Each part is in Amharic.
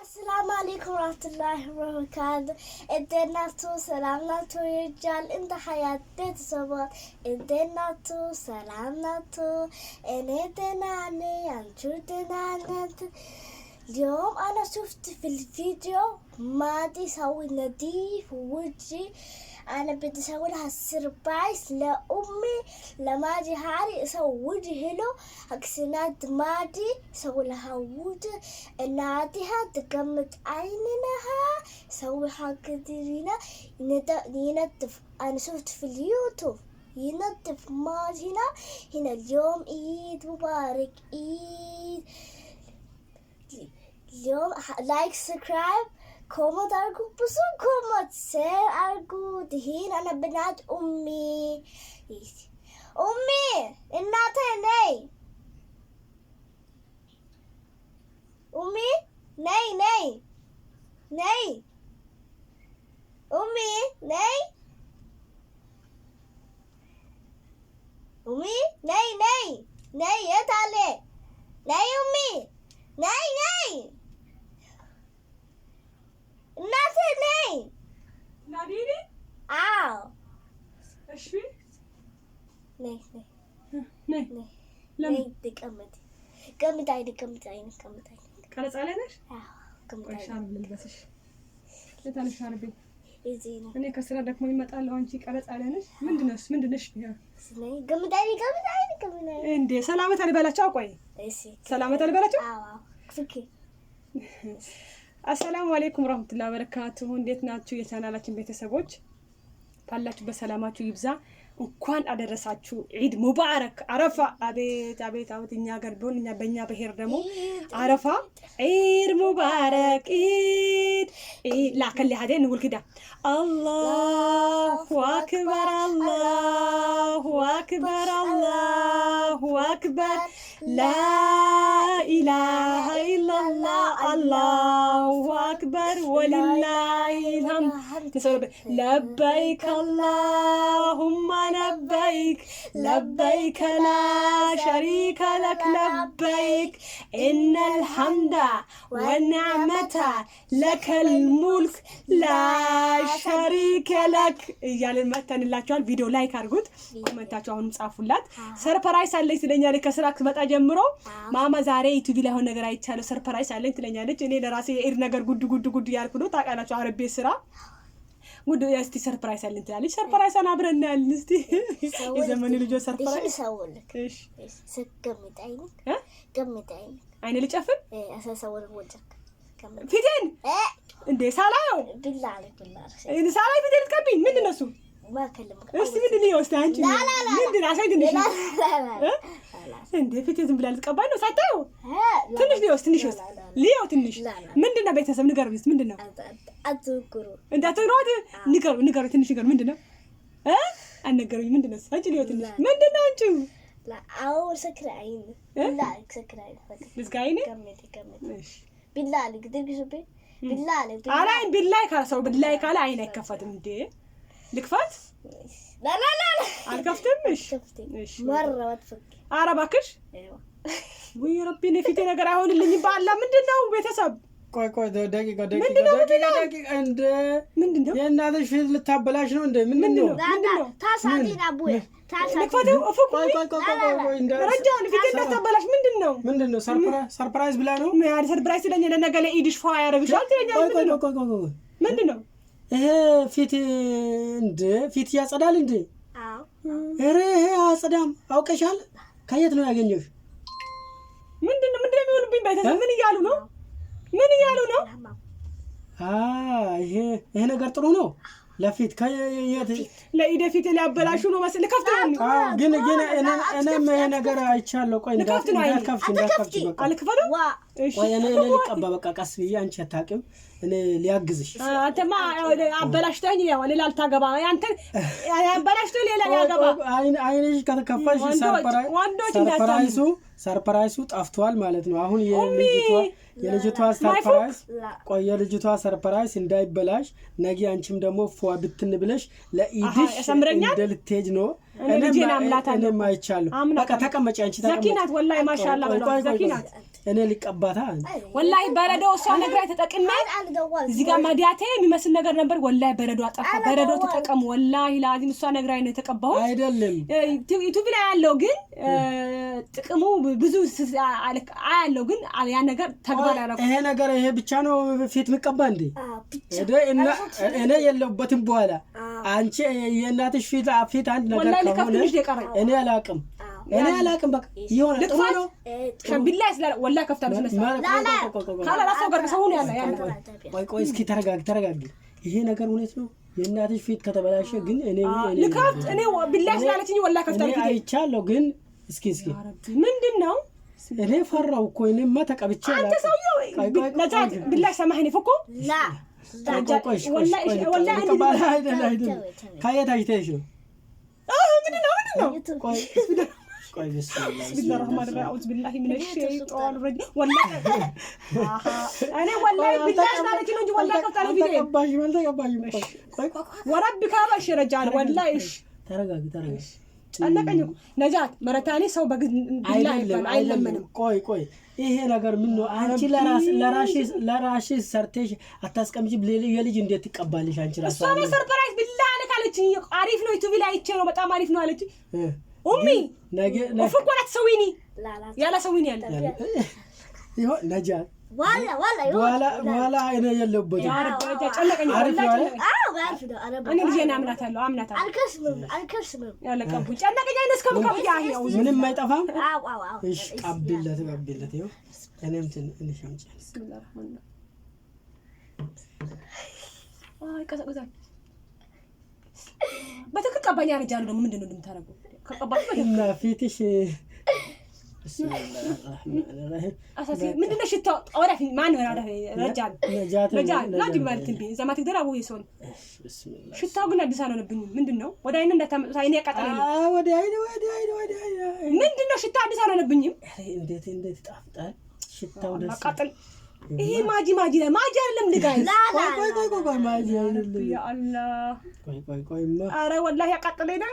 السلام عليكم ورحمة الله وبركاته ادينا تو سلامنا تو رجال انت حياة بيت صبر ادينا تو سلامنا تو ان ادينا عني ان شردنا انت اليوم انا شفت في الفيديو ما دي سوي نديف وجهي انا بدي اسوي لها سربرايز لامي لماجي هاري اسوي له اكسنات ماجي اسوي لها وجه ناديها تقمت عينها اسوي حاجة دينا ينظف انا شفت في اليوتيوب ينظف ماجي هنا هنا اليوم عيد مبارك عيد اليوم لايك سبسكرايب so komad algo, posso komad ser algo دهين um بنات أمي أمي الناتين أي እኔ ከስራ ደክሞ ይመጣለሁ። አንቺ ቀረጻ ላይ ነሽ። ምንድን ነሽ? እንዴ ሰላምታ ልበላቸው። ቆይ ሰላምታ ልበላቸው። አሰላሙ አሌይኩም በረካቱሁ። እንዴት ናችሁ የቻናላችን ቤተሰቦች? ባላችሁበት በሰላማችሁ ይብዛ። እንኳን አደረሳችሁ ዒድ ሙባረክ አረፋ። አቤት አቤት አቤት እኛ ገር ቢሆን እኛ በእኛ ብሔር ደግሞ አረፋ ዒድ ሙባረክ ዒድ ላከል ሀደ ንውል ክዳ አላሁ አክበር አላሁ አክበር አላሁ አክበር ላኢላሃ ኢላላህ አላሁ አክበር ወሊላሂ ልሐምድ ለበይክ አላሁማ ለበይክ ለበይከ ላ ሸሪከ ለክ ለበይክ ኢነል ሐምዳ ወኒዕመታ ለከል ሙልክ ላ ሸሪከ ለክ እያልን መተንላችኋል። ቪዲዮ ላይክ አድርጉት፣ ኮመንታችሁ አሁንም ጻፉላት። ሰርፕራይዝ አለኝ ትለኛለች ከስራ ስትመጣ ጀምሮ ማማ ዛሬ ዩቲቪ ላይ ሆነ ነገር አይቻለሁ ሰርፕራይዝ አለኝ ትለኛለች። እኔ ለራሴ የኢድ ነገር ጉድ ጉድ ጉድ እያልኩ ነው ታውቃላችሁ፣ አረቤ ስራ ጉድ እስቲ ሰርፕራይዝ አለን ትላለች። ሰርፕራይዛን አብረን እናያለን። እስቲ የዘመኑ ልጆች ሰርፕራይዝ አይነ ልጨፍን ፊቴን እንዴ ሳላየው ሳላይ ፊቴን ልትቀቢኝ ምንድን ነው እሱ እስቲ ምንድን ይኸው ምንድን ነው ሳታየው ትንሽ ነው ትንሽ ውስጥ ምንድን ነው ቤተሰብ ንገሩኝ እስኪ ምንድን ነው እንዳትወሯት ንገሩ ትንሽ ምንድን ነው አልነገሩኝ ምንድን ነው አንቺ ልየው ትንሽ ምንድን ነው አንቺ ቢላ ቢላ ካለ ሰው ቢላ ካለ አይን አይከፈትም እንዴ ልክፋት አልከፍትምሽ። ኧረ እባክሽ ውይ ረቢ ፊቴ ነገር አይሆንልኝ። በአላ ምንድን ነው ቤተሰብ ቆይ ቆይ ደቂቃ ደቂቃ እንደ ምንድን ነው የእናትሽ ፊት ልታበላሽ ነው እንደ ምንድን ነው ምንድን ነው ሰርፕራይዝ ብላ ነው ሰርፕራይዝ ለኢድሽ ፏ ትለኛለህ ምንድን ነው ምንድን ነው ይሄ ፊት እንደ ፊት ያጸዳል እንዴ? ኧረ ይሄ አጸዳም። አውቀሻል? ከየት ነው ያገኘሽ? ምንድን ነው ምንድን ነው የሚሆንብኝ? ቤተሰብ ምን እያሉ ነው? ምን እያሉ ነው? ይሄ ይሄ ነገር ጥሩ ነው ለፊት ከየት ለኢደ ፊት ሊያበላሹ ነው መሰለኝ። ልከፍት ነው ግን ግን እኔም ይሄ ነገር አይቻለሁ። ቆይ እንዳትከፍቺ እንዳትከፍቺ በቃ አልክፈለው እኔ ልቀባ በቃ ቀስ ብዬ አንቺ አታውቂም። እኔ ሊያግዝሽ አንተማ አበላሽተኝ ያው ሌላ አልታገባ አንተ አበላሽቶ ሌላ ያገባ አይንሽ ከተከፋሽ ሰርፕራይሱ ሰርፕራይሱ ጠፍቷል ማለት ነው። አሁን የልጅቷ ሰርፕራይስ ቆይ የልጅቷ ሰርፕራይስ እንዳይበላሽ ነገ አንቺም ደግሞ ፏ ብትን ብለሽ ለኢድሽ እንደ ልትሄጅ ነው። እኔም አይቻለሁ። በቃ ተቀመጪ አንቺ ተቀመጪ። ዘኪናት ወላሂ ማሻላ ዘኪናት እኔ ሊቀባታ ወላሂ በረዶ እሷ ነግራ ተጠቅሜ እዚህ ጋር ማዲያቴ የሚመስል ነገር ነበር። ወላሂ በረዶ አጠፋ። በረዶ ተጠቀሙ። ወላሂ ለአዚም እሷ ነግራ ነው የተቀባሁት። አይደለም ዩቱብ ላይ ያለው ግን ጥቅሙ ብዙ አያለው፣ ግን ያ ነገር ተግባር ያረ ይሄ ነገር ይሄ ብቻ ነው ፊት የሚቀባ እንዴ? እኔ የለሁበትም በኋላ አንቺ የእናትሽ ፊት አንድ ነገር ከሆነ እኔ አላቅም እኔ አላቅም። በቃ የሆነ ጥሩ ነው። ቢላ ስላለ ወላ ከፍታ ያለ። ቆይ፣ እስኪ ተረጋግ ተረጋግ። ይሄ ነገር እውነት ነው። የእናትሽ ፊት ከተበላሸ ግን እኔ ልከፍት እኔ ቢላ ስላለችኝ ወላ ከፍታ አይቻለሁ። ግን እስኪ እስኪ ምንድን ነው እኔ ፈራው እኮ እኔማ ተቀብቼ አንተ ሰውዬው ብላሽ ሰማህን እኮ ከየት አይተሽ ነው ምንድን ነው ምንድን ነው ብስሚላ መረታኔ ሰው አይለምንም። ቆይ ቆይ ይሄ ነገር ምን ነው? አንቺ ለራሽሽ ሰርተሽ አታስቀምጪም። የልጅ እንዴት ትቀባለሽ አንቺ ራሱ? ሰርፕራይዝ ብላ አለች አሪፍ ነው ዩቱብ ላይ አይቼ ነው በጣም አሪፍ ነው አለችኝ። ኡሚ ፉኮላት ሰዊኒ ያላ ሰዊኒ ያለ በኋላ አይነ የለበት አይጠፋም። እሺ ቀቢለት እኔም ትንሽ አምጪ በትክክል ቀባኝ። አረጃለሁ ደግሞ ምንድን ነው እንደምታደርገው እና ፊትሽ ምንድነው? ሽቶ ወደፊ ማን ረጃን ማለት ብ እዛማ ትግደር አቡ የሰውን ሽታው ግን አዲስ አልሆነብኝ። ምንድን ነው ወደ አይን እንዳታመጡት አይን ያቃጠለኝ። ምንድን ነው ሽታ አዲስ አልሆነብኝም። እንዴት እንዴት ጣፍጣል ሽታው አቃጠል ይሄ ማጂ ማጂ ላይ ማጂ አይደለም። ልጋይ ቆይ ቆይ ቆይ ማጂ አይደለም። ቆይ ቆይ ቆይማ ኧረ ወላሂ ያቃጠለኝ ነው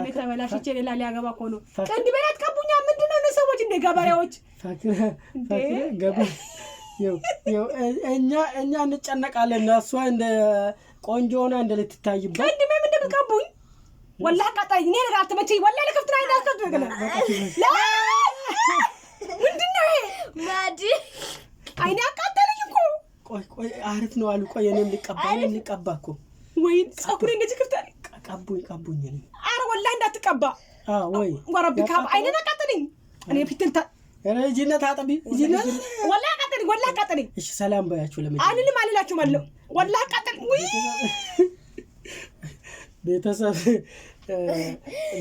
እኔ ተበላሽቼ ሌላ ሊያገባ እኮ ነው። ቀንድ በላት ቀቡኛ ምንድን ነው? ሰዎች እንደ ገበሬዎች እኛ እኛ እንጨነቃለን። እሷ እንደ ቆንጆ ሆና እንደ ልትታይበት ቀንድ ምን እንደምትቀቡኝ ወላ ቀጣይ እኔ አልተመቸኝ ወላ ለከፍትና ይናልከፍት ነገር ምንድን ነው ማዲ አይኔ አቃጠለኝ እኮ። ቆይ ቆይ አሪፍ ነው አሉ። ቆይ እኔም ልቀባ እኔም ልቀባ እኮ ወይ ጸጉሬ እንደዚህ ክፍታል ቀቡኝ ቀቡኝ። ኧረ ወላሂ እንዳትቀባ ወይ ካብ እኔ ፊትን እሺ ሰላም በያችሁ። አልልም አልላችሁም አለው። ቤተሰብ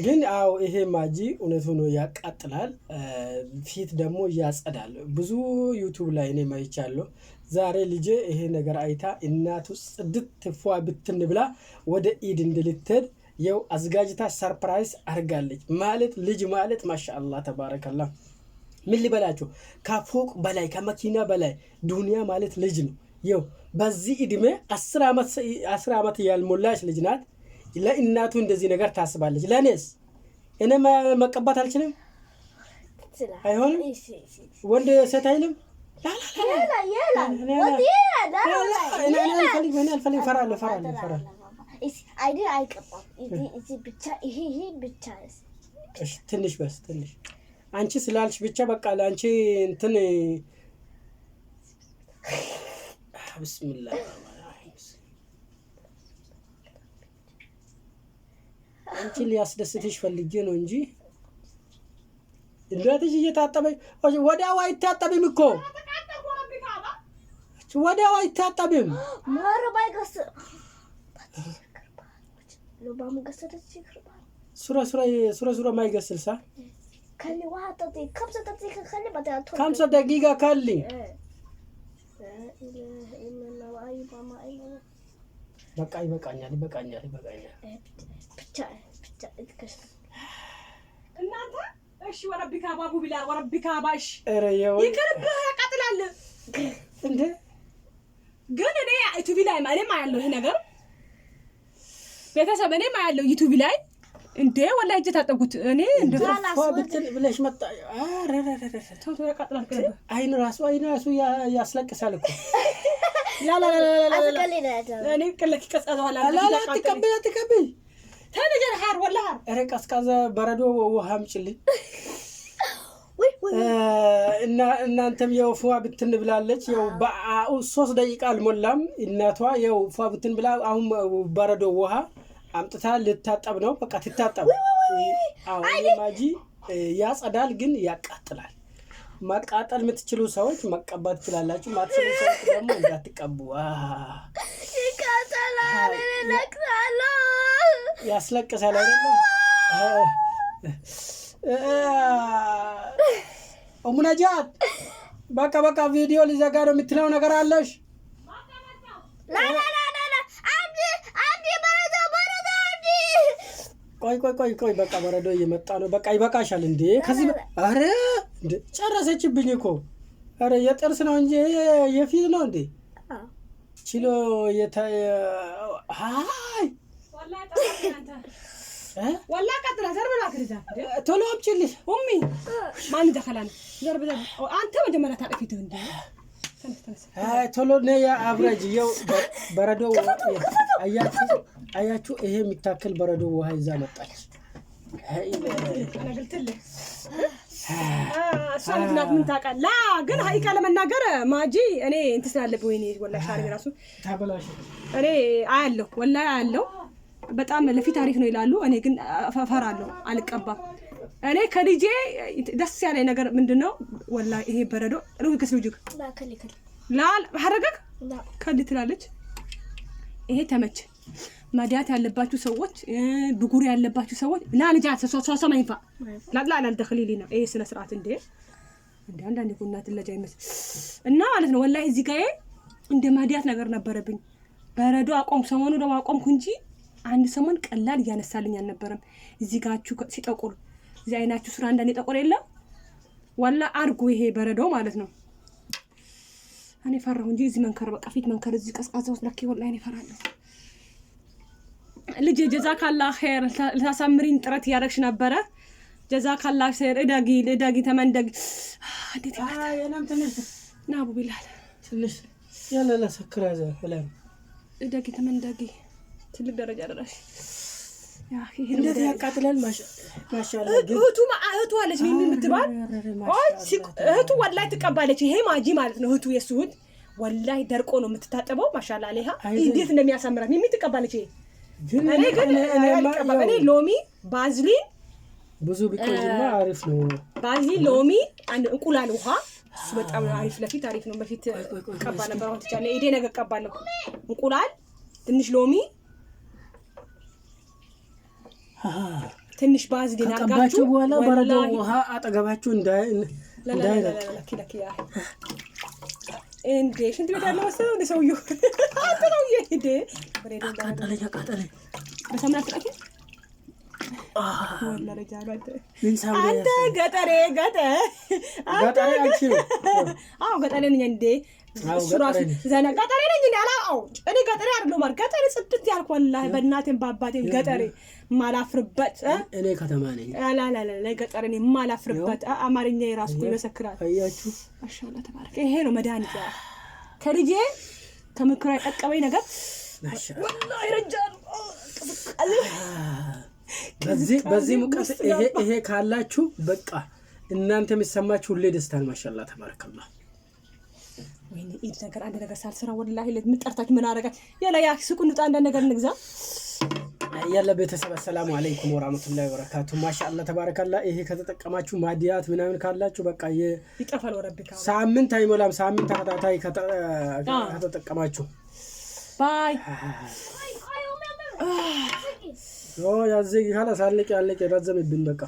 ግን አዎ ይሄ ማጂ እውነት ሆኖ ያቃጥላል። ፊት ደግሞ እያጸዳል። ብዙ ዩቱብ ላይ እኔ ማይቻለሁ ዛሬ ልጄ ይሄ ነገር አይታ እናቱ ጽድት ትፏ ብትን ብላ ወደ ኢድ እንድልትሄድ የው አዘጋጅታ ሰርፕራይዝ አድርጋለች። ማለት ልጅ ማለት ማሻአላ ተባረከላ። ምን ልበላችሁ፣ ከፎቅ በላይ ከመኪና በላይ ዱንያ ማለት ልጅ ነው። የው በዚህ እድሜ አስር ዓመት ያልሞላች ልጅ ናት። ለእናቱ እንደዚህ ነገር ታስባለች። ለእኔስ እኔ መቀባት አልችልም፣ አይሆንም። ወንድ ሴት አይልም ትንሽ በስ ትንሽ አንቺ ስላልሽ ብቻ በቃ ለአንቺ እንትን ብስሚላ አንቺ ሊያስደስትሽ ፈልጌ ነው እንጂ ድረትሽ እየታጠበ ወዲያው አይታጠብም እኮ ወዲያው አይታጠብም። ሱረ ማይገስል ሳ ከምሰ ደቂቃ ከሊ በቃ ይበቃኛል፣ ይበቃኛል፣ ይበቃኛል። እናንተ እሺ፣ ወረቢካ ባቡ ቢላል ወረቢካ ባሽ ይቅርብህ፣ ያቃጥላል እንዴ ግን እኔ ዩቱቢ ላይ እኔም ማያለው ይሄ ነገር ቤተሰብ እኔም አያለሁ ዩቲዩብ ላይ እንዴ ወላ እጅ ታጠጉት እኔ እንደ ብትል ብለሽ መጣ አይን ራሱ አይን ራሱ ያስለቅሳል እኮ እኔ ቅለክ ይቀጻዘዋል አትቀበይ አትቀበይ ተነጀር ሀር ወላ ሀር ኧረ ቀዝቃዛ በረዶ ውሃ አምጪልኝ እናንተም ያው ፏ ብትን ብላለች። ያው ሶስት ደቂቃ አልሞላም እናቷ ያው ፏ ብትን ብላ አሁን በረዶ ውሃ አምጥታ ልታጠብ ነው። በቃ ትታጠብ። ማጂ ያጸዳል፣ ግን ያቃጥላል። ማቃጠል የምትችሉ ሰዎች መቀባት ትችላላችሁ። ማትችሉ ሰዎች ደግሞ እንዳትቀቡ። ያስለቅሳል አይደለ? ሙነጃት በቃ በቃ ቪዲዮ ሊዘጋ ነው የምትለው ነገር አለሽ? ቆይ ቆይ ቆይ ቆይ በቃ በረዶ እየመጣ ነው። በቃ ይበቃሻል እንዴ! ከዚህ አረ እንዴ ጨረሰችብኝ እኮ አረ የጥርስ ነው እንጂ የፊት ነው እንዴ ችሎ የታ አይ ወላ ቀጥላ ዘርብ ናት ልዛ ቶሎ አብጭልሽ ኡሚ ማን ይደኸላል ዘርብ ዘርብ አንተ መጀመሪያ ታጠፊት እንደ ቶሎ ነይ አብረጅ የው በረዶ አያችሁ ይሄ የሚታከል በረዶ ውሃ ይዛ መጣች እሷ ልጅ ናት ምን ታውቃለህ ግን ሀቂቃ ለመናገር ማጂ እኔ እንትን ስላለብኝ ወይኔ ወላሂ ሻሪ ራሱ እኔ አያለሁ ወላሂ አያለሁ በጣም ለፊት አሪፍ ነው ይላሉ። እኔ ግን ፈራለሁ፣ አልቀባም። እኔ ከልጄ ደስ ያለኝ ነገር ምንድን ነው? ወላ ይሄ በረዶ ሩክስ ልጅክ ላል ሐረገክ ከል ትላለች። ይሄ ተመች መድያት ያለባችሁ ሰዎች፣ ብጉር ያለባችሁ ሰዎች ላ ልጅ ሶሶ መንፋ ላላ ተክሊሊ ነው ይሄ ስነ ስርዓት እንዴ! እንዴ አንዳንዴ ቡናት ለጃ ይመስል እና ማለት ነው ወላ እዚህ ጋዬ እንደ መድያት ነገር ነበረብኝ። በረዶ አቆም ሰሞኑ ደግሞ አቆምኩ እንጂ አንድ ሰሞን ቀላል እያነሳልኝ አልነበረም። እዚህ ጋችሁ ሲጠቁር እዚህ አይናችሁ ስራ አንዳንድ የጠቁር የለም ዋላ አርጉ ይሄ በረዶ ማለት ነው። እኔ ፈራሁ እንጂ እዚህ መንከር በቃ ፊት መንከር እዚህ ቀዝቃዛ ውስጥ ለኪ ወላ እኔ ፈራለሁ። ልጅ ጀዛ ካላ ኸይር ልታሳምሪን ጥረት እያደረግሽ ነበረ። ጀዛ ካላ ኸይር እዳጊ እዳጊ ተመንደግ እንዴት ይላል ናቡ ቢላል ትንሽ ያለላ ሰክራ እዳጊ ተመንደጊ ትልቅ ደረጃ ደረሽ። እንደዚህ ያቃጥላል። እህቱ እህቱ አለች ሚሚ የምትባል እህቱ ወላይ ትቀባለች። ይሄ ማጂ ማለት ነው። እህቱ የሱ እህት ወላይ ደርቆ ነው የምትታጠበው። ማሻላ ሊሃ እንዴት እንደሚያሳምራት ሚሚ ትቀባለች። እኔ ግን እኔ ሎሚ ባዝሊን ብዙ ቢቀርማ አሪፍ ነው። ባዝሊን ሎሚ፣ እንቁላል ውሃ እሱ በጣም አሪፍ ለፊት አሪፍ ነው። በፊት ቀባ ነበር። አሁን ትቻለ ኢዴ ነገር ቀባለሁ። እንቁላል ትንሽ ሎሚ ትንሽ ባዝ ግን አድርጋችሁ በኋላ በረዶ ውሃ አጠገባችሁ እንዳይለቅለክያ እንዴ ሽንት ቤት ያለ መሰለው እንደ ሰውዬው ቃጠለው ቃጠለኝ ቃጠለኝ በሳሙና አንተ ገጠሬ ገጠር አዎ ገጠሬ ነኝ እንዴ? ዘና ገጠሬ ነኝ እኔ አላው እኔ ገጠሬ አይደለሁም። ገጠሬ ጽድት ያልኩ በእናቴም በአባቴም ገጠሬ ማላፍርበት እኔ ከተማ ነኝ። ገጠሬ እኔ ማላፍርበት አማርኛ የራሱ ይመሰክራል። አያችሁ ማሻአላ ተባረክ። ይሄ ነው መድኃኒት ከልጄ ከምክሯ የጠቀመኝ ነገር ወላሂ በዚህ ሙቀት ይሄ ካላችሁ በቃ እናንተ የሚሰማችሁ ሁሌ ደስታን ማሻላ ተባረከላ። ወይ ኢድ ነገር አንድ ነገር ሳልሰራ ለት ምጠርታችሁ ምን አረጋ ያላ ስቁ ንጣ አንዳንድ ነገር ንግዛ ያለ ቤተሰብ አሰላሙ አለይኩም ወራመቱላ ወበረካቱ። ማሻላ ተባረካላ። ይሄ ከተጠቀማችሁ ማዲያት ምናምን ካላችሁ በቃ ይጠፋል። ወረብካ ሳምንት አይሞላም። ሳምንት ተከታታይ ከተጠቀማችሁ ባይ ያዜ ካላሳለቅ ያለቅ ረዘምብን በቃ